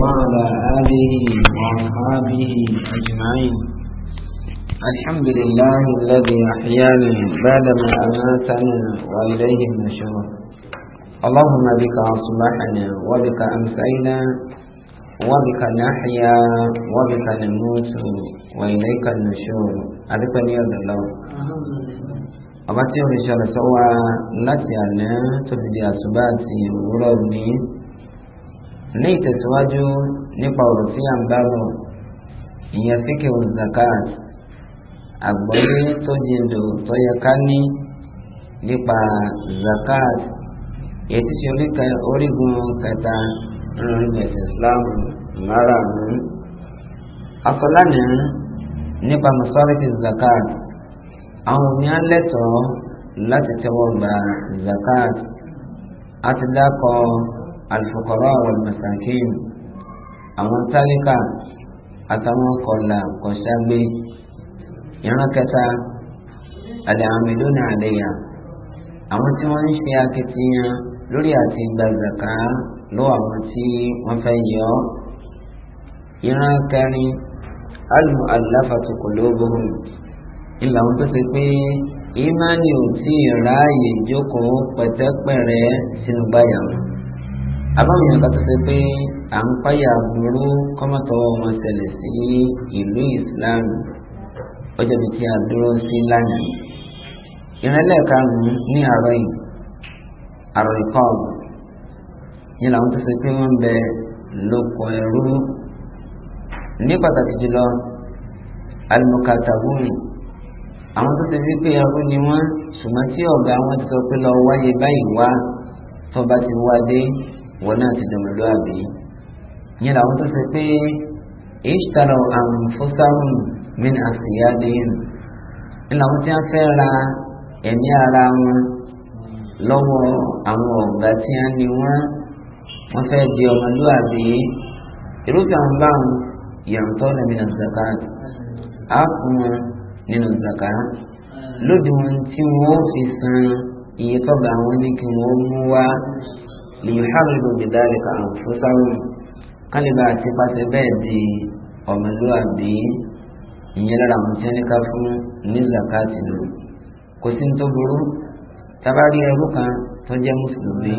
وعلى آله وأصحابه أجمعين الحمد لله الذي أحيانا بعدما أماتنا وإليه النشور اللهم بك أصبحنا وبك أمسينا وبك نحيا وبك نموت وإليك النشور أبيك نير الله أبتي إن شاء الله سوى لا تعلم أصباتي وربني ní ìtẹ̀síwájú nípa ọ̀rọ̀ tí à ń bá bọ̀ ìyẹn fíkì zakat àgbọ́yé tó jìndò tó yẹ ká ní nípa zakat ètí ṣe orígun kẹta nínú ẹ̀sìn Islam márààrún asọ́lánì nípa masarati zakat àwọn òmìnira lẹ́tọ̀ọ́ láti tẹ́wọ́ gba zakat àti dákọ̀ọ́ alifọkọrọ àwọn masakin àwọn tálíkà àtàwọn kọlà kọsàgbé ìran kẹta àlẹ àmìlónà àlẹyà àwọn tí wọn ń ṣe akitiyan lórí àti gbàgbàká lọ́wọ́ àwọn tí wọn fẹ́ yọ ìran kẹrin alimu aláfatukọlóbóhùn ìlà wọn tó ṣe pé ìmánì ò tí ì ráàyè jókòó pẹ̀tẹ́pẹ̀rẹ́ sínú báyà àbáwọn èèyàn kan ṣe pé à ń páyà burú kọ́mọ́tọ́wọ́ wọn ṣẹlẹ̀ sí ìlú Islam ọjọ́ bíi tí a dúró sí lánàá ìrìnlẹ̀ karùn-ún ní àárọ̀ yìí àrùn ìkọlù ní làwọn tó ṣe pé wọ́n ń bẹ lóko ẹrú ní pàtàkì jùlọ alùmọ̀kàtàwùn àwọn tó ṣe wípé ẹrú ni wọ́n ṣùgbọ́n tí ọ̀gá wọn ti sọ pé lọ wáyé báyìí wá tó bá ti wá dé wọn náà ti dùnmọ̀ lọ àbí yẹn làwọn tó ṣe pé ìṣtàrọ̀ àǹfọ́sáhùn min àṣìyádéhìn ní làwọn tí wọ́n fẹ́ ra ẹ̀mí ara wọn lọ́wọ́ àwọn ọ̀gá tí wọ́n ní wọ́n wọ́n fẹ́ di ọmọlúwàbí irúfẹ́ àwọn báwọn yàtọ̀ lẹ́mí nà zakat á fún wọn nínú zakat lódiwọ̀n tí wọ́n fi san iye tọ́gbà àwọn ní kí wọ́n mú wá lèyìnhàrìlò bìdárì kàrùn fún sáwọn kálíbà àti pàṣẹ bẹ́ẹ̀ di ọmọlúwàbí ìyẹn lára mùtẹ́nìkà fún ní zakati lò kò sí tó burú tabari ẹrú kan tó jẹ́ mùsùlùmí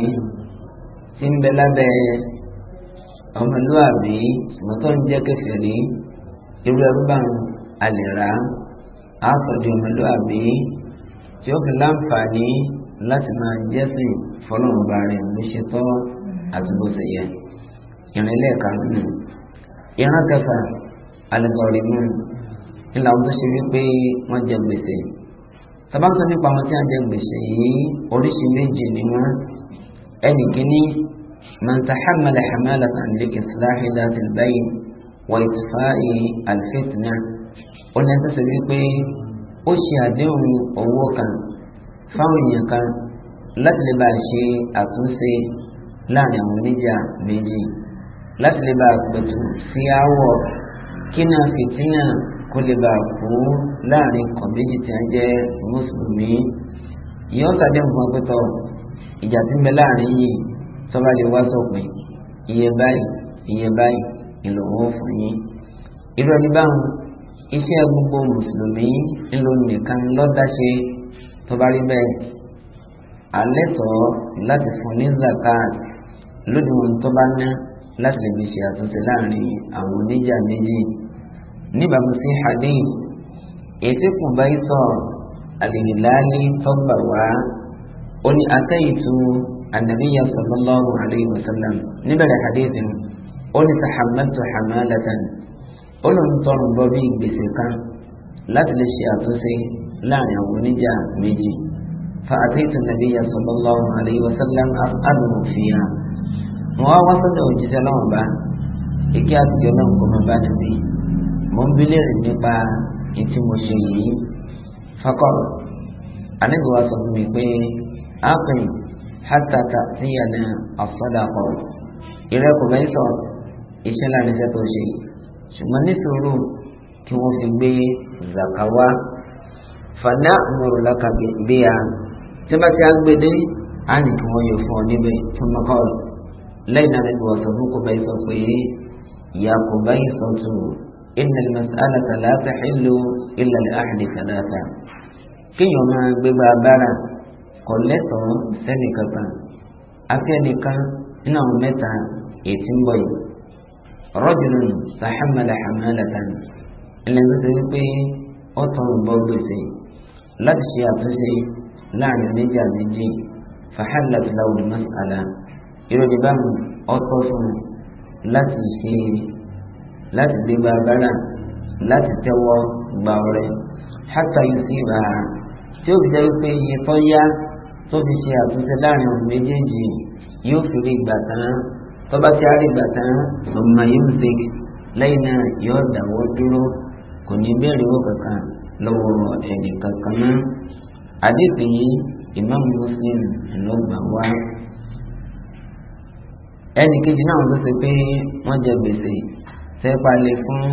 tí ń bẹ lábẹ́ ọmọlúwàbí mọ́tò ń jẹ́ kẹfìrí irú ẹrú bá ń alẹ́ rà á sọ di tí ó fi láǹfààní láti máa jẹ́sìn fọlọ́run bá rẹ̀ ló ṣe tọ́ àti bó ṣe yẹ. ìrìnlẹ̀ kanú ìran kẹfà alẹ́gbọ̀rì mú ńlá ọdún ṣe wípé wọ́n jẹ gbèsè. sábàtà nípa àwọn tí wọ́n jẹ gbèsè yìí oríṣi méjì ni wọ́n ẹnì kíní من تحمل حمالة لإصلاح ذات البين وإطفاء الفتنة ولن تسبق أشياء دون أوكا fáwọn èèyàn kan láti lè bá ṣe àtúnṣe láàrin àwọn oníjà méjì láti lè bá pẹ̀tù sí aáwọ̀ kí náà fìtínà kó lè bá kú láàrin kan méjì tí wọ́n jẹ́ mùsùlùmí yóò sáré nǹkan pẹ̀tọ̀ ìjà tí ń bẹ láàrin yìí tó lè wá sópin iye báyìí iye báyìí ìlòwó fún yín irú ẹni báwọn iṣẹ́ gbogbo mùsùlùmí ńlọ nìkan lọ́dáṣe tó bá rí bẹ́ẹ̀ alẹ́ tọ́ láti fún ní zakat lódiwọ̀n tó bá ná láti lè fi ṣe àtúnṣe láàrin àwọn oníjà méjì níbàámu sí hadith ètò ìkùnbá ìtọ́ àlèhìláàlì tọ́gbà wá ó ní atẹ́yìtú ànàbíyà sallallahu alayhi wa níbẹ̀rẹ̀ hadith ó ní sàhàmẹ́tò hamalatan ó lóun tọrùn bọ́ bí ìgbésẹ̀ kan láti lè ṣe àtúnṣe láàrin àwọn oníjà méjì fàtẹ́tù nàbí sallallahu alayhi wa sallam àdùnnú fìyà wọn wá wọ́sọ̀dọ̀ òjíṣẹ́ lọ́wọ́n bá ike àtijọ́ náà kò máa bá níbi mo ń bílẹ̀rì nípa ètí mo ṣe yìí fakọ́rọ̀ àníbi wa sọ fún mi pé ápìn hátàtà síyànà àfọ́dàkọ̀ ìrẹ́kùn bẹ́ẹ̀ sọ iṣẹ́ láàrin iṣẹ́ tó ṣe ṣùgbọ́n nítorí kí wọ́n fi gbé zakawa fana mọ̀rọ̀ lọ́ka bí a tí bá ti á gbé dé á ní kí wọ́n yọ fún ọ níbẹ̀ fún mọ́kọ́rọ̀ lẹ́yìn náà níbi wọ́n sọ fún kò báyìí sọ pé ìyá báyìí sọ tù inna al-mas'alata la tahillu illa li-ahadi thalatha gbégbá bára kò lẹ́tọ̀ọ́ sẹ́nìkan kan afẹ́nìkan nínú àwọn mẹ́ta ètí ń bọ̀ yìí rajulun tahammala hamalatan ẹlẹ́nu sọ wípé ọ̀tọ̀ ń bọ́ gbèsè yìí láti ṣe àtúnṣe láàrin méjì méjì fàhálàtì láwùjọ mọ́sálà ìròyìn báwọn ọtọ́ fún láti ṣe láti gbé bàbára láti tẹ́wọ́ gbà ọ̀rẹ́ hátà yìí sí ibà tí ó fi jẹ́ pé iye tó yá tó fi ṣe àtúnṣe láàrin ọ̀rọ̀ méjèèjì yóò fi rí ìgbà tán tó bá ti rí ìgbà tán ọmọ yìí ń lẹ́yìn náà yóò dáwọ́ dúró kò ní bẹ́ẹ̀rẹ̀ owó kankan lọ́wọ́ ẹnì kankan náà àdéhùn yìí Imam Muslim ló gbà wá ẹnì kejì náà tó ṣe pé wọ́n jẹ gbèsè sẹ́pàlẹ̀ fún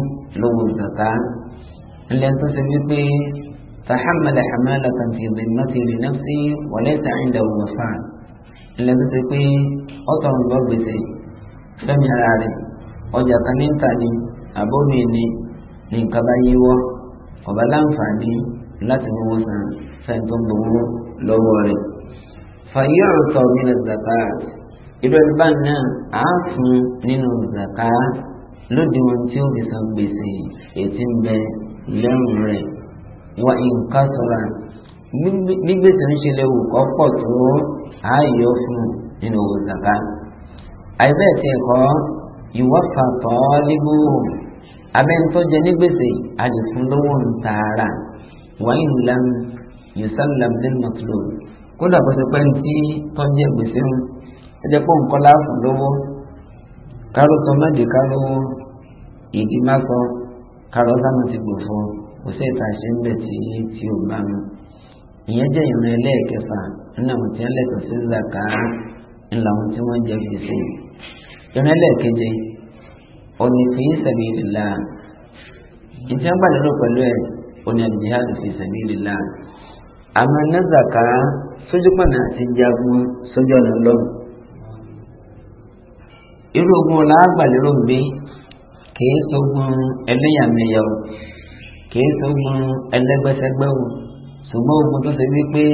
lówó zaka ilẹ̀ tó ṣe wípé tahammala hamalatan fi dhimmati li nafsi wa laysa indahu wafa ilẹ̀ tó ṣe pé ọ̀tọ̀ ń gbèsè fẹ́mi ara rẹ̀ ọjà kan ní ń tà ní àbómi ní nǹkan bá yíwọ́ ọba láǹfààní láti mú wọn san fẹ́ni tó ń gbowó lọ́wọ́ rẹ̀. fàyè ọ̀tọ̀ nínú zakat irú ẹni bá náà á fún nínú zakat lóde wọn tí ó fi san gbèsè ètí ń bẹ lẹ́rùn rẹ̀ wá nǹkan sọ̀ra gbígbèsè ń ṣe léwu ọ̀pọ̀ tó ààyè fún nínú owó àìbẹ́ẹ̀ tí ẹ̀kọ́ ìwọ́fà tọ́ líbú òun abẹ́ntọ́jẹ ní gbèsè àdìfúnlówó ń tààrà wàyí ńlám yusallam lil matlub kódà kó ti pẹ́ ń tí tọ́jẹ gbèsè ń ẹjẹ pé nǹkan láàfún lówó káró sọ mẹ́jì káró ìdí má sọ káró sánú ti gbò fún kò sí ṣe ń bẹ̀ tí tí ò bá mu ìyẹn jẹ́ ìran ẹlẹ́ẹ̀kẹfà nínú àwọn tí wọ́n lẹ́tọ̀ọ́ sí zaka ńlá àwọn tí wọ́n jẹ gbèsè ìran ẹlẹ́ẹ̀keje òní fi sabilillah ìtí wọn gbàdúrà pẹ̀lú ẹ òní al-jihad fi sabilillah àmọ́ nàzàkà sójú pọnà àti jagun sójú ọ̀nà lọ. irú ogun ọ̀la àgbàlérò ń gbé kìí sógun ẹlẹ́yàmẹ̀yà o kìí sógun ẹlẹ́gbẹ́sẹ́gbẹ́ o ṣùgbọ́n ogun tó ṣe wípé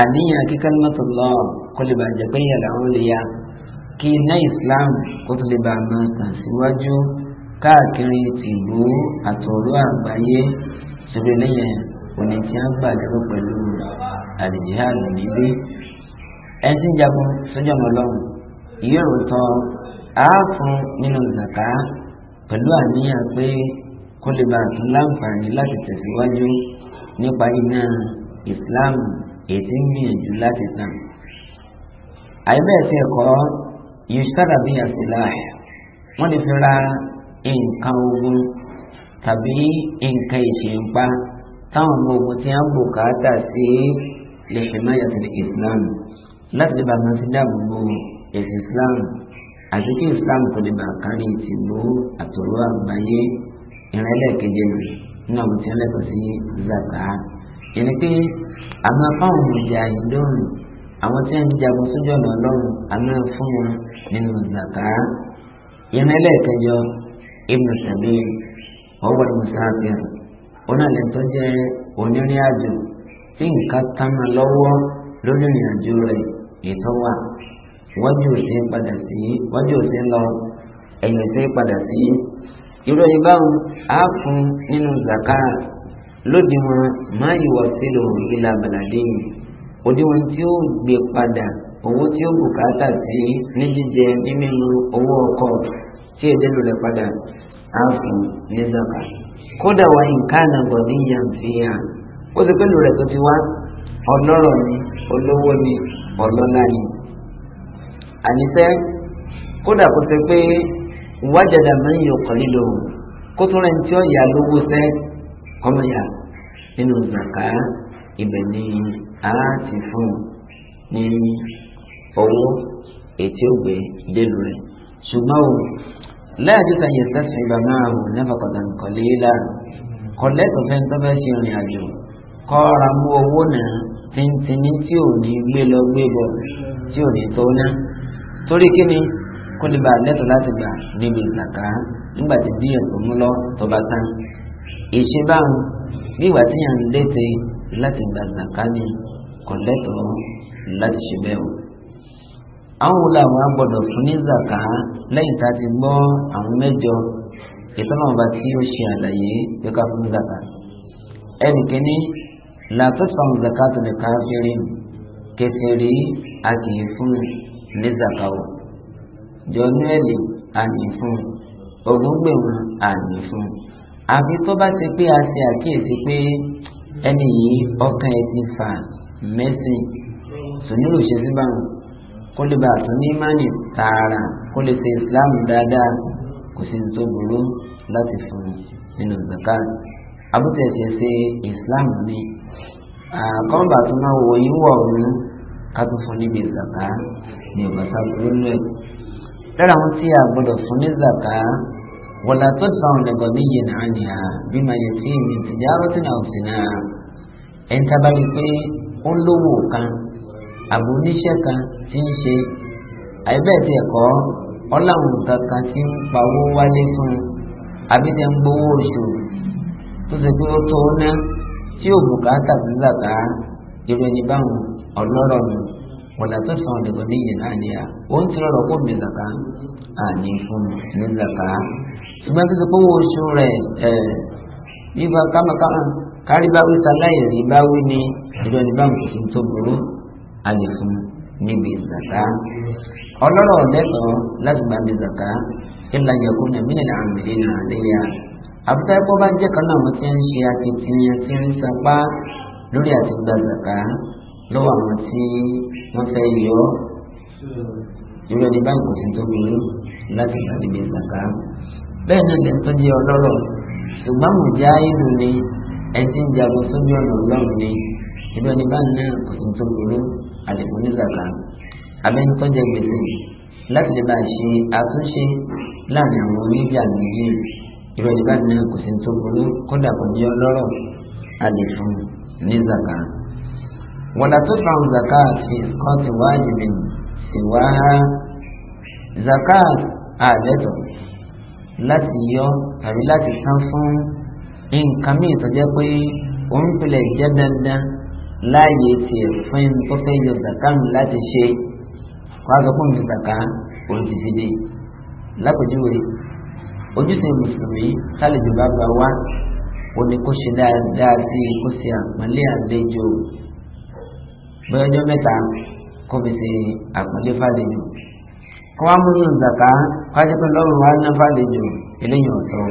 àníyàn kí kalimatu Allah kó bàjẹ́ pé yàrá wọn lè ya kí iná Islam kó tó lè bá a máa tàn síwájú káàkiri tìlú àtọ̀rọ̀ àgbáyé ṣẹlẹ̀ lẹ́yìn òní tí a gbà lérò pẹ̀lú àlìjíhàlù níbí. ẹ ti ń jagun sójú ọmọ ọlọ́run ìyá ọ̀rọ̀ sọ àáfún nínú zàká pẹ̀lú àníyàn pé kó lè bá a tún láǹfààní láti tẹ̀síwájú nípa iná Islam èyí tí ń gbìyànjú láti tàn. àìbẹ́ẹ̀ tí ẹ̀kọ́ yusara bi asilah wọ́n lè fi ra nǹkan ogun tàbí nǹkan ìṣèǹpa táwọn ogun tí wọ́n bùkátà sí lè fi máa yàtọ̀ sí islam láti lè bá máa dáàbò bo ẹ̀sìn islam àti kí islam kò lè bá kárí ìtìlú àtòrò àgbáyé ìrẹ́lẹ̀ keje nù nínú àwọn tí wọ́n lẹ́kọ̀ọ́ sí zaka ìní pé àmọ́ fáwọn ọmọ ìjà àwọn tí wọ́n ń jagun sójú ọ̀nà ọlọ́run àmọ́ fún nínú zaka ìrìn ẹlẹ́ẹ̀kẹjọ ibnu sabil ọwọ́n musafir onílẹ̀ tó jẹ́ onírìn àjò tí nǹkan tánà lọ́wọ́ lórí ìrìn àjò rẹ̀ ètò wà wájú òsè padà sí wájú òsè lọ ẹ̀yìn òsè padà sí irú ẹ̀yìn báwọn nínú zaka lódiwọ̀n máa yíwọ sílò ìlà bàlàdé òdiwọ̀n tí ó gbé padà owó tí ó bùkátà sí ní jíjẹ ní mímu owó ọkọ tí èdè lulẹ̀ padà á fún ní zaka kódà wà nǹkan àgọ̀dí yàn fi hàn ó ti pẹ́lú rẹ̀ tó ti wá ọlọ́rọ̀ ni olówó ni ọlọ́lá ni àníṣẹ́ kódà kó ṣe pé wájàdà máa ọkọ̀ lílo kó tún rẹ̀ tí ó yà lówó sẹ́ ọmọ yà nínú zaka ibẹ̀ ni a ti fún ní owó ètí ògbé délùú rẹ̀ ṣùgbọ́n o láàjọ kan yẹ sẹ́sìn ìgbà máa wò nẹ́fọ̀kọ̀tà nǹkan lé lánàá kọ̀lẹ́tọ̀ fẹ́ tó fẹ́ ṣe ìrìn àjò kọ́ra mú owó náà tìǹtìǹní tí ò ní gbé lọ gbé bọ̀ tí ò ní tó ná torí kí ni kó lè bá lẹ́tọ̀ láti gbà níbi ìtàkà nígbà tí bí ẹ̀kọ́ mú lọ tó bá tán ìṣe báwọn bí ìgbà tí yàn ń láti gbà zàká ni kọ̀lẹ́tọ̀ láti ṣe bẹ́ẹ̀ o àwọn wo làwọn agbọ́dọ̀ fún ní zaka lẹ́yìn tá a ti gbọ́ àwọn mẹ́jọ ìtọ́nàmọba tí ó ṣe àlàyé pé ká fún zaka ẹnìkíní làtọ́sán zaka tó lè káfíìrì kẹfìrì a kì í fún ní zaka o jọnúẹlì a ní fún ogúngbèmù a ní fún àfi tó bá ti pé a ṣe àkíyèsí pé ẹni yìí ọkàn ẹ ti fà mẹ́sìn sùnúrù ṣe sí báwọn kó lè bá tún ní mánì tààrà kó ṣe islam dáadáa kò sí ní tó burú láti fún nínú zaka abúté ṣe ṣe islam ni àkọ́ńbà tó náà wọ yín wọ̀ ọ̀hún ká tó fún níbi zaka ni ọ̀gá sábúrú lẹ̀ lára àwọn tí a gbọ́dọ̀ fún ní zaka wọ̀là tó sàn lẹ́gọ̀ bí yìí náà ni a bí máa yẹ tí mi ti jáwọ́ náà ẹ̀ ń tábàlì pé ó lówó kan àbò oníṣẹ́ kan ti ń ṣe àìbẹ́ẹ̀tì ẹ̀kọ́ ọláwọn nǹkan kan ti ń pawó wálé fún un àbí ń gbowó oṣù tó ṣe pé ó tó ná tí ò bùkátà sí zàká irú báwọn ọlọ́rọ̀ mi wọ̀là tó sàn ọ̀dẹ̀gbọ̀n ní ìyẹn náà ni à ó ń ti rọrọ̀ kó mi zàká àní fún mi ní zàká ṣùgbọ́n tó ṣe pé owó oṣù rẹ̀ ẹ̀ yíba kámakáma kárí báwí sáláì rí báwí ni irú ẹni báwọn kò sí tó burú a lè fún níbi zaka ọlọ́rọ̀ lẹ́tọ̀ọ́ láti gba níbi zaka ilà yẹ̀kú ní mílíọ̀nù àmìlí nàìjíríà àbúrò ẹ̀kọ́ bá jẹ́ kan náà wọ́n ti ń ṣe akitiyan tí ń sapá lórí àti gba zaka lọ́wọ́ àwọn tí wọ́n fẹ́ yọ irú ẹni sí tó láti gba níbi zaka bẹ́ẹ̀ náà lè tó jẹ́ ọlọ́rọ̀ ṣùgbọ́n mo jẹ́ àìlú ni ẹtí ń jagun sójú ọ̀nà ọlọ́run ni irú ẹni báyìí náà sí tó àlèkún ní zaka abẹ́ni tó jẹ gbèsè láti lè máa ṣe àtúnṣe láàrin àwọn oníbíà méjì irú ẹni báyìí náà kò sí tó burú kódà kò ní ọlọ́rọ̀ àlèkún ní zaka. wọ́lá tó fa zaka fi kọ́ ti wáàjì mi sì wá zaka àlẹ́tọ̀ láti yọ tàbí láti san fún nǹkan mìíràn tó jẹ́ pé òun pilẹ̀ jẹ́ dandan láàyè tiẹ̀ fún ẹni tó fẹ́ zaka nù láti ṣe wàásù fún mi zaka òun ti fi dé lápèjúwe ojúṣe mùsùlùmí sálẹ̀jù bàbá wa ó ní kó ṣe dáadáa sí i kó ṣe àpọ́nlé àlejò bóyá ọjọ́ mẹ́ta kó fi ṣe àpọ́nlé fàlejò kó wá mú nù zaka wájú pé lọ́rùn wa ná fàlejò eléyìí ọ̀tọ̀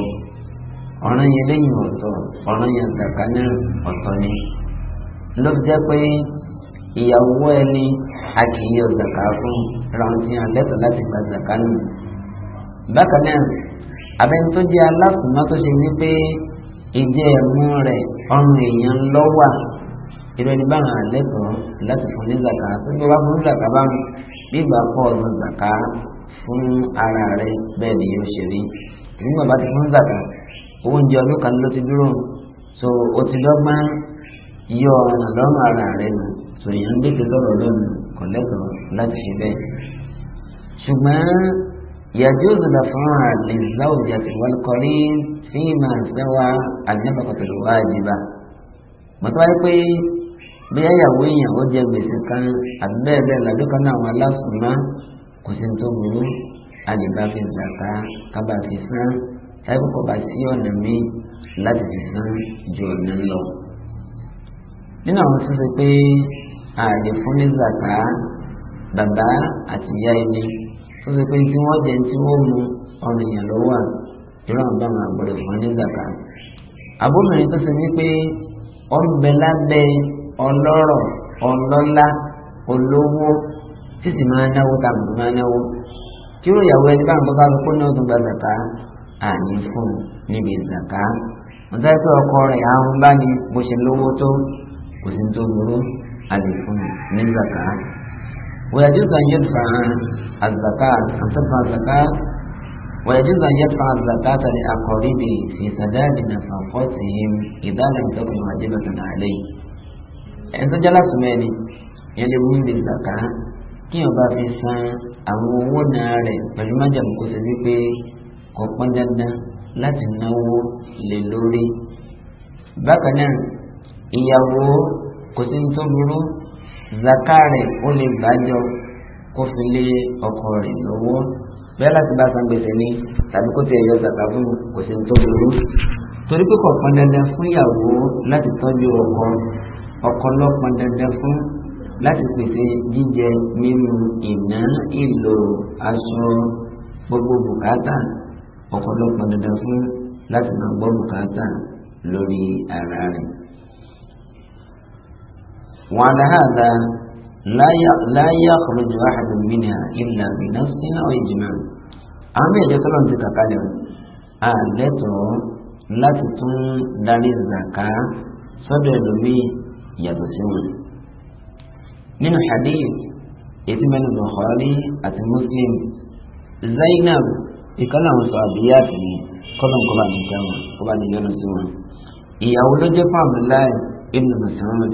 ọ̀ràn yẹn eléyìí ọ̀tọ̀ ọ̀ràn yẹn zaka náà ọ̀tọ̀ ni ló fi jẹ́ pé ìyàwó ẹni a kì í yọ zaka fún ràǹtìyàn lẹ́tọ̀ láti gba zaka nù. bákan náà abẹ́ni tó jẹ́ alákùnmá tó ṣe wípé ìjẹ́ ẹ̀mú rẹ̀ ọrùn èèyàn lọ́wà irú ẹni bá hàn lẹ́tọ̀ọ́ láti fún ní zaka tó gbé wá fún zaka bá bí ìgbà pọ̀ ọ̀sán zaka fún ara rẹ̀ bẹ́ẹ̀ ni yóò ṣe rí ìgbìmọ̀ bá ti fún zaka oúnjẹ ọdún kan ló ti dúró so ó ti dọ́gbọ́n yíyọ ọ̀ràn lọ́rùn ara rẹ nù sòyìn ń gbèsè sọ̀rọ̀ lónìí kò lẹ́tọ̀ọ́ láti ṣe bẹ́ẹ̀. ṣùgbọ́n يجوز الأفعال للزوجة والقرين فيما سوى النفقة الواجبة mọ̀tọ́wáyé pé bí ẹ̀yàwó èèyàn ó jẹ gbèsè kan àbí bẹ́ẹ̀ bẹ́ẹ̀ làbí kan náà wọn aláṣùmá kò sí tó burú àlèbá fi zàká kábà fi san ẹ̀kọ́kọ́ bá sí ọ̀nà mi láti fi san ju ọ̀nà lọ nínú àwọn tó ṣe pé ààyè fún ní zaka bàbá àti ìyá ẹni tó ṣe pé tí wọ́n jẹ tí wọ́n mu ọ̀nà èèyàn ló wà irú àwọn bá máa gbọ́dọ̀ fún ní zaka. àbómìnrin tó ṣe wípé ọ̀nbẹ lábẹ́ ọlọ́rọ̀ ọlọ́lá olówó títí máa náwó tàbí máa náwó kí ó yàwó ẹni báwọn bọ́ká ló kó náà tó gba zaka ààyè fún níbi zaka. mo dájú pé ọkọ rẹ̀ àwọn bá ní bó ṣe lówó tó kò sí tó burú a lè fún ní zaka ويجوز أن يدفع الزكاة أن تدفع الزكاة ويجوز أن يدفع الزكاة لأقاربه في سداد نفقاتهم إذا لم تكن واجبة عليه ẹ̀sọ́ jálá sùmẹ́ni yẹn lè mú ibi zaka kí ọba fi san àwọn owó náà rẹ̀ pẹ̀lú májàmú kó ṣe wípé kò pọn dandan láti náwó lè lórí. bákan náà ìyàwó kò sí tó burú zakari ó lè gbàjọ kó fi lé ọkọ rẹ̀ lọ́wọ́ bẹ́ẹ̀ láti bá san gbèsè ni tàbí kó ti ẹ̀yọ zaka fún kò sí tó burú torí pé kò pọn dandan fún ìyàwó láti tọ́jú ọkọ ọkọ ló pọn dandan fún láti pèsè jíjẹ mímu ìná ìlò aṣọ gbogbo bùkátà ọkọ ló pọn dandan fún láti máa gbọ́ bùkátà lórí ara rẹ̀. وعلى هذا لا لا يخرج أحد منها إلا بنفسها وإجماع àmì ẹ̀jẹ̀ tọ́lọ́ ti kàkà lẹ̀ àlẹ́tọ̀ọ́ láti tún darí zaka sọ́dọ̀ ẹlòmíì yàtọ̀ sí wọn. nínú hadith ètí mẹ́nu Bukhari àti Muslim Zainab ìkọ́nà àwọn sọ àbíyáàtì ni kọ́nà kọ́ba nìkan kọ́ba nìyẹn lọ sí wọn. ìyàwó ló jẹ́ fún Abdullahi ibn Mas'ud.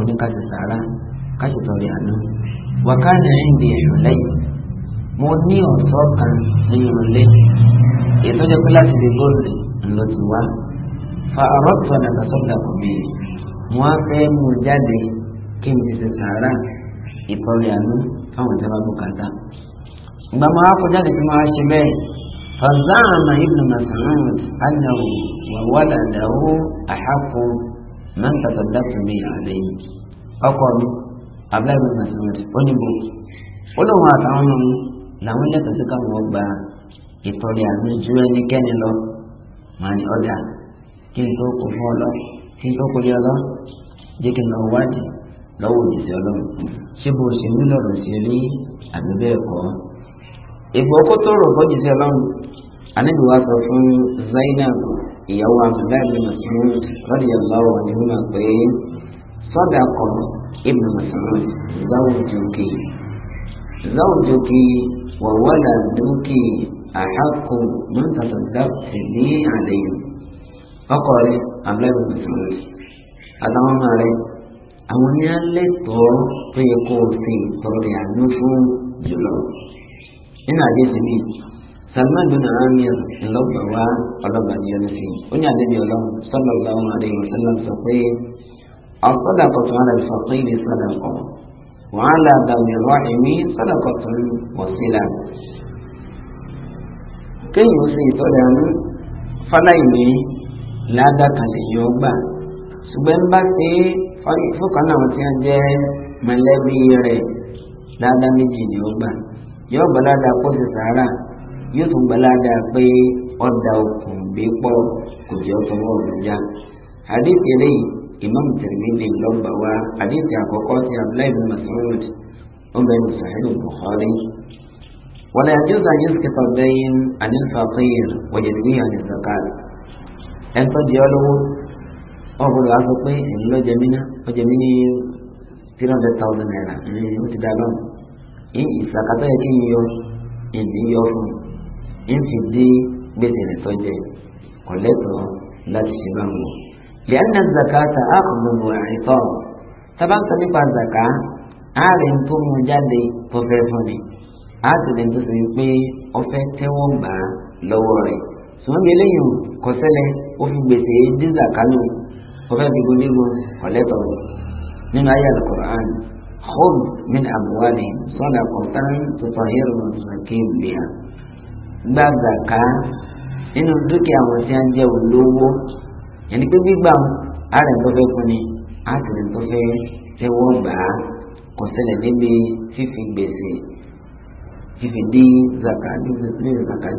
oníkàtí sàárà káṣetọrẹ àná wàkánà ẹ̀ǹdì ẹ̀rù lẹ́yìn mo ní ọ̀tọ́ kan nínú ilé ètò jẹ́ pé láti lè góòlù ńlọ ti wá fa àrọ́tò ànàkàtọ́gbà kò mí wọ́n á fẹ́ mú jáde kí n ti ṣe sàárà ìtọrẹ àná fáwọn ìjọba bùkátà ìgbà máa kọ jáde tí máa ṣe bẹ́ẹ̀ فزعم ابن مسعود أنه وولده أحق Man من تطلقت بي عليه أقول أبلا بن مسعود أنبو ولو ما تعلم لو أن تسكى مبا ìtọ́lé àmìjú ẹnikẹ́ni lọ mà ní ọjà kí n tó kó fún ọ lọ kí n tó kó lé ọ lọ jẹ́ kí n lọ wádìí lọ́wọ́ òjìṣẹ́ ọlọ́run ṣé bó ṣe ń lọ̀rọ̀ sí rí àbí bẹ́ẹ̀ kọ́. ìgbà ọkọ tó rò fọ́jìṣẹ́ ọlọ́run anábìwá sọ fún Zainab ìyàwó abdullahi bin mas'ud radiyallahu anhu náà pé sadaqa ibn mas'ud zawjuki zawjuki wa waladuki ahaqqu man tasaddaqti alayhi ọkọ rẹ abdullahi bin mas'ud àtàwọn ọmọ rẹ àwọn ní alẹ́ tọ́ tó yẹ kó o sì tọrọ ìyànú fún jùlọ nínú àdéhùn yìí. Salman bin Amir ńlọ́gbà wá ọlọ́gbà ní ọdún sí. Ó ní àdébí ọlọ́run sallallahu alaihi wasallam sọ pé as-sadaqatu ala al-faqir sadaqa wa ala dhawi rahimi sadaqatun wasila. Kéyìn ó sì ìtọ́jú àánú fáláìní ládàkàlẹ̀ yóò gbà. Ṣùgbọ́n bá ṣe fúkan àwọn tí wọ́n jẹ́ mọ̀lẹ́bí rẹ̀ ládàá méjì ni ó gbà. Yóò gbọ́ ládàá kó sì sàárà yóò tún gbalada pé ọ̀dà okùn bí pọ̀ kò jẹ́ ọ̀tọ̀wọ́ ọ̀gbìnjà àdéhùn eléyìí imam Tirmidhi lọ́gbà wa àdéhùn àkọ́kọ́ ti Abdullahi bin Mas'ud ọmọbìnrin Sahih Bukhari wala yajuzu an yasqita ad-dayn 'ani al-faqir wa yajzihi 'ani az-zakat ẹn tó di ọlọ́wọ́ ọ̀gbọ̀n wa sọ pé èmi ló jẹ mí ná ó jẹ mí ti dá lọ́nà ìsàkátọ́ yẹ kí n yọ ìdí fún un ń sì dé gbèsè rẹ̀ tó jẹ kò lẹ́tọ̀ọ́ láti ṣe báwọn. lẹ́yìn zakata akọ̀gbọ̀gbọ̀ àìtọ́ tábàtà nípa zaka àárín tó mú jáde tó fẹ́ fún mi àtìlẹ́yìn tó sì pé ọfẹ́ tẹ́wọ́ gbà lọ́wọ́ rẹ̀ ṣùgbọ́n bí eléyìí kò ṣẹlẹ̀ ó fi gbèsè dé zaka nù ọfẹ́ fi gbódégbó kò lẹ́tọ̀ọ́ nínú ayé alukur'an khud min abuwalihim sọ́dà kọ̀ọ̀tàn tó tọ̀hírù nàkìm bíyà. gba zaka nínú dúkìá àwọn tí a ń jẹ olówó yẹnni pé gbígbà ara ẹ̀ tó fẹ́ fún ni á tó fẹ́ tẹ́wọ́ gbà á kò zaka níbi zaka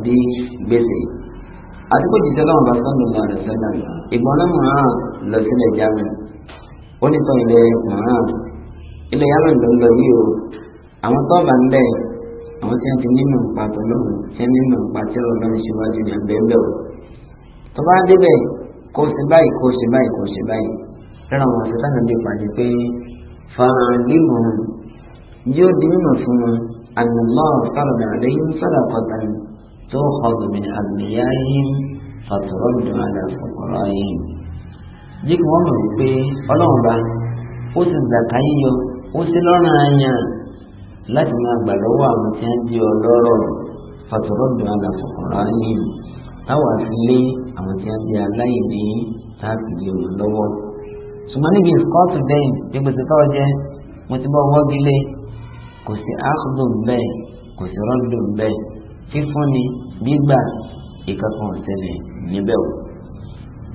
dé gbèsè àdúgbò jíṣẹ́ láwọn bá sọ́nù lọ rẹ̀ sẹ́nà ìgbọ́n náà mọ̀ràn lọ sílẹ̀ jáde ó ní sọ ilẹ̀ ilẹ̀ lọ yìí o àwọn àwọn tí wọ́n ti nímọ̀ nípa tọ́lọ́run tí wọ́n nímọ̀ nípa tí ọlọ́run ṣíwájú ní abẹ́bẹ́ o tó bá débẹ̀ kó ṣe báyìí kó ṣe báyìí kó ṣe báyìí lára àwọn àṣetá náà bí pàdé pé fàràlímọ̀ yóò di mímọ̀ fún wọn àgbọ̀nlọ́ ọ̀tàlọ́dà àlẹ́yìn sọ̀rọ̀ kọ̀tà tó ọ̀gbìn mi àgbẹ̀yà yìí fàtọ̀rọ̀ dùn àdà fọ̀kọ̀rọ̀ yìí. jíkì wọ́n mọ̀ wípé ọlọ́run bá ó sì zàkà yíyọ ó sì lọ́rùn àyàn láti máa gbà lọ́wọ́ àwọn tí wọ́n jẹ́ ọlọ́rọ̀ fàtọ́rọ́bì aláfọ̀kànrá ní táwa fi lé àwọn tí wọ́n jẹ́ aláìní táàkì lé wọn lọ́wọ́. ṣùgbọ́n níbi ìkọ́ọ̀tù bẹ́ẹ̀ bí gbèsè táwọn jẹ́ mo ti bọ́ wọ́gi kò sí áàkùdùn bẹ́ẹ̀ kò sí rọ́dùn bẹ́ẹ̀ fífúnni gbígbà ìkankan ọ̀sẹ̀lẹ̀ níbẹ̀ o.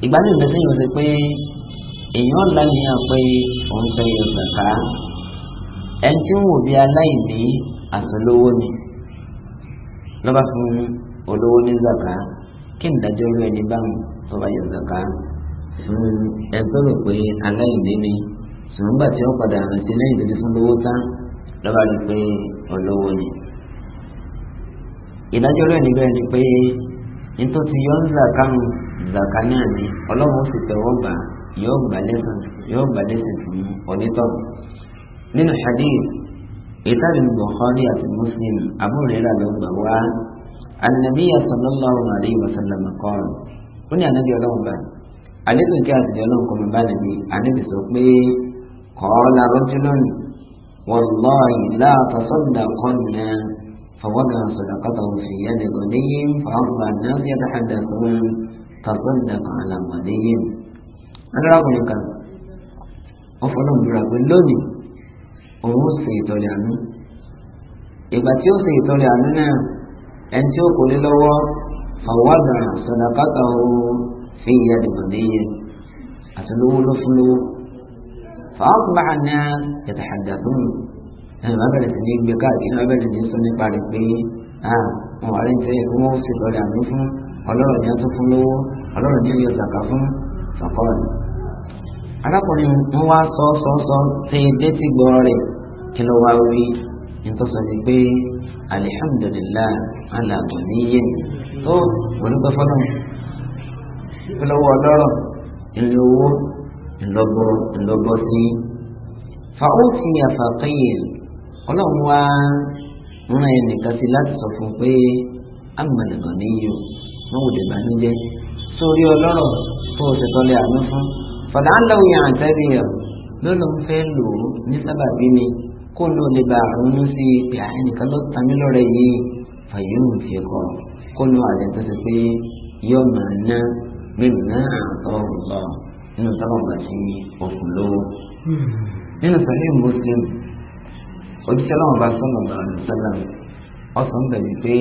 ìgbà ní ìgbésẹ̀ pé èèyàn lánìyàn pé òun fẹ́ yọ ẹni tí ń wò bí aláìní àtúnlówó ni lọ́ba fún olówó ní zaka kí n dájọ́ rú ẹni báwọn tó bá yọ zaka fún ẹgbẹ́ rẹ̀ pé aláìní ni ṣùgbọ́n gbà tí wọ́n padà rìn sí lẹ́yìn tó fún lówó tán lọ́ba rí pé olówó ni. ìdájọ́ rẹ̀ níbẹ̀ ni pé nítorí ti yọ zaka mu zaka náà ni ọlọ́run ó sì tẹ̀wọ́ gbà yóò gbà lẹ́sìn fún onítọ̀hún nínú hadith ìtàbí bukhari àti muslim abúrẹ́rà ló gbà wá anabiya sallallahu alayhi wa sallam kọ́ọ̀n ó ní anabi ọlọ́run bá àlékún kí àtijọ́ ọlọ́run kọ́ mi bá nàbí anabi sọ pé kọ́ọ̀lá rọ́júlọ́n wàlláhi látọ̀sọ́dà kọ́nà فوضع صدقته في يد غني فأصبح الناس يتحدثون تصدق على غني. أنا أقول لك أفضل من لوني òun ó ṣe ìtọ́rẹ àánú ìgbà tí ó ṣe ìtọ́rẹ àánú náà ẹni tí ó kò lé lọ́wọ́ fàwọ́dà sọ̀dàkátà òun fi ìyá dìbòdì yẹn àti lówó ló fún lówó fàákùbà àná ìtàhàdà fún mi ẹni bá bẹ̀rẹ̀ sí ní gbé káàkiri bá bẹ̀rẹ̀ sí sọ nípa rẹ̀ pé wọn wà lẹ́yìn tẹ́lẹ̀ kí ó ṣe ìtọ́rẹ àánú fún ọlọ́rọ̀ ni a tún fún lówó ọlọ́rọ̀ ni ó yọ zàkà fún fàkọ́ọ̀nù arákùnrin ń wá sọ sọ sọ sí létí gbọ́ rẹ̀ kí ló wá wí nítòsọ ni pé alihamdulilayi aladuniye tó onígbà fọlọ ìpínlẹwọ ọlọrọ ilé owó ńlọgbọ ńlọgbọ sí fàóòtì àfàkìyè ọlọ́run wá ń ràn ẹnìkan sí láti sọ fún un pé amàlẹ̀gàn níyì wọn ò dé bá níjẹ sórí ọlọ́rọ̀ tó o ṣètọ́lẹ̀ àánú fún un fọ̀láńlọ́wọ́ yẹn àtẹ́bí ọ̀ ló ló ń fẹ́ lò ó ní sábàbí ni kó ló lè bá ronú sí pé àyẹnìkan ah, ló ta mí lọ́rẹ̀ yìí fàyẹ̀wò fi kọ́ kó ló àlẹ́ tó ti pé yóò máa ná mímu náà àtọ́ lọ nínú sábàbà tí òkú lówó. nínú sahih muslim òjíṣẹ́ láwọn bá sọ̀rọ̀ bá ọ̀nà sọ́lá ọ̀sán bẹ̀rẹ̀ pé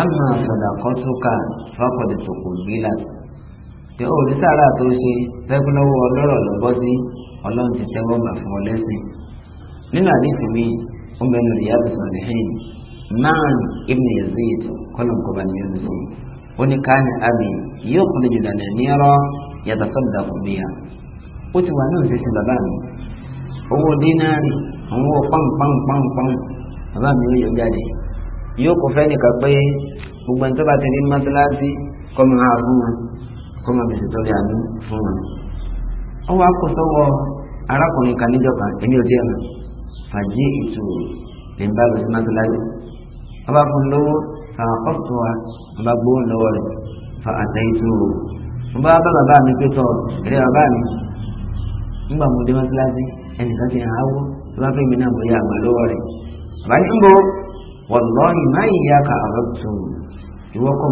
àmà sọ̀dà kọ́tùkà fọ́kọ̀dẹ̀ tó kò gbé láti tí ó ní sàrà tó ṣe sẹ́kúnlọ́wọ́ ọlọ́rọ̀ ló bọ́ sí ọlọ́run ti tẹ́wọ́ mà fún ọ lẹ́sìn. nínú àdìsí mi ó mẹ́nu rìyàbù sọ̀lẹ́hìn máàn ibn yazid kọ́lọ̀n kọ́ba ní yóò sọ ó ní káàní abi yóò kọ́lé jùlọ ní nírọ́ yàtọ̀ sọ́dà fún mi à ó ti wà ní òṣìṣẹ́ bàbá mi owó dínárì owó pọ́npọ́npọ́npọ́n bàbá mi ó yọ jáde yóò kó kó máa fèsì tọ́lé àánú fún wọn. ó wá kó sọ́wọ́ arákùnrin kan níjọ èmi ò dé ọ̀nà fàájì ètò lè lọ sí mọ́tòláyò. ọba fún lówó fàwọn ọ̀tọ̀ wa ọba gbóhùn lọ́wọ́ rẹ̀ fa àtẹ ètò bá bàbá mi pé ẹ̀rẹ́ bàbá mi nígbà mo dé ẹnìkan ti ka àrọ́ tó ìwọ́kọ̀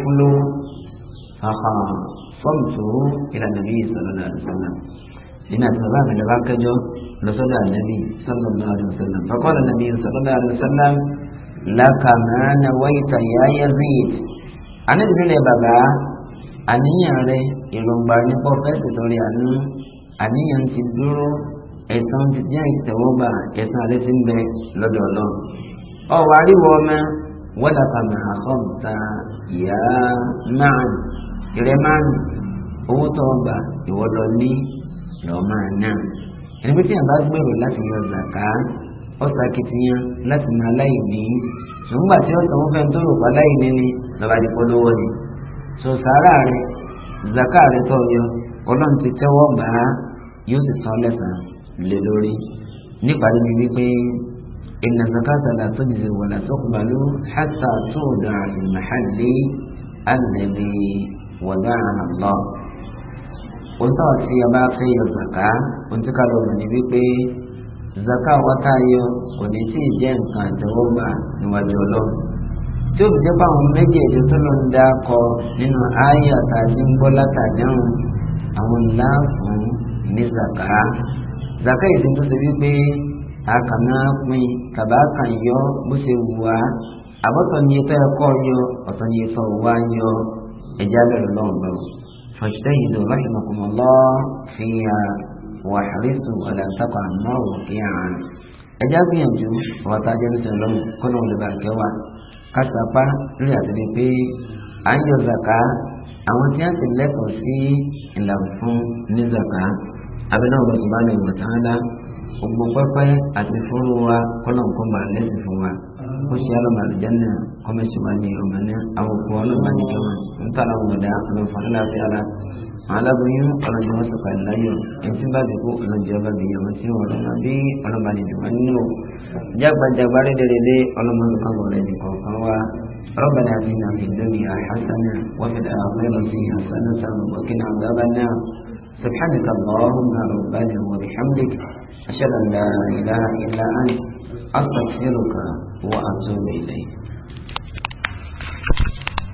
fún أخاه صمته إلى النبي صلى الله عليه وسلم إن الصلاة من ركجه لصلى النبي صلى الله عليه وسلم فقال النبي صلى الله عليه وسلم لك ما نويت يا يزيد أنا بقول يا بابا àníyàn rẹ èròǹgbà nípa fẹsẹ̀ sọ̀rọ̀ àánú àníyàn ti dúró ẹ̀san ti jẹ́ ìtẹ̀wọ́gbà ẹ̀san alẹ́ ti ń bẹ lọ́dọ̀ ọlọ́run. ọ̀wọ́ àríwọ̀ ọmọ wọ́n làkàmì àkọ́ǹta ìyá náà ìrẹ́ márùn owó tó ń gbà ìwọ lọ ní lọ́ọ́ máa ná ẹni pé tí yàn bá gbèrò láti yọ zàká ọ̀sà kìtìyàn láti máa láì ní ṣùgbọ́n tí ọ̀sà wọn fẹ́ tó rò pa láì ní ni lọ́ba di polówó ni sọ sàárà rẹ zàká rẹ tó yọ ọlọ́run ti tẹ́wọ́ gbà á yóò sì san lẹ́sàn lé lórí níparí mi wípé ìnà zakata la ní ṣe wàlà tó hàtà tó dàn àlùmáhàlì àlẹ́bí wọ̀dáhàn àlọ́ ó sọ tí ọba fẹ́ yọ zaka oníkàlọ́ ọ̀nà ni wípé zaka wọ́tá yọ kò ní tí ì jẹ́ nǹkan àtẹwọ́gbà níwájú ọlọ́run tí ó fi jẹ́ pé àwọn méjèèjì tó lọ ń dá kọ nínú ayé àtàdé ń gbọ́ látàdéhùn àwọn ńlá fún ní zaka zaka yìí tó ṣe wípé àkànná pin tàbá kan yọ bó ṣe wù wá àbọ̀tọ̀ ni ètò ẹ̀kọ́ yọ ọ̀tọ̀ ni ètò òwá yọ. إجابة لهم فاجتهدوا رحمكم الله فيها واحرصوا ألا تقع موقعا إجابة ينجو وتجنس لهم كنوا لباكوا كسبا لأتني في أن يزكى àwọn tí a ti lẹ́kọ̀ọ́ sí ìlànà fún nízàká abiná ọba subhanahu wa ta'ala gbogbo pẹ́pẹ́ àti fúnru wa kọ́nà kó máa fún wa kó ṣe alọ́mọ àlùjànnà kwamishinani umarnin abubuwa lamani kyau in tara mu da amfani lafiya na aláboyún ọlọ́jọ́ wọn sọ̀kà ìláyọ̀ ẹtí bá bí kó ọlọ́jọ́ bá bí yọmọ tí wọn lọ́nà bí ọlọ́mọ àdìjọba nínú jágbajàgba rédèrèdè ọlọ́mọ nǹkan wọlé nìkan kan wá ربنا اتنا في الدنيا حسنه وفي الاخره حسنه وقنا عذاب النار سبحانك اللهم ربنا وبحمدك اشهد ان لا اله الا انت استغفرك واتوب اليك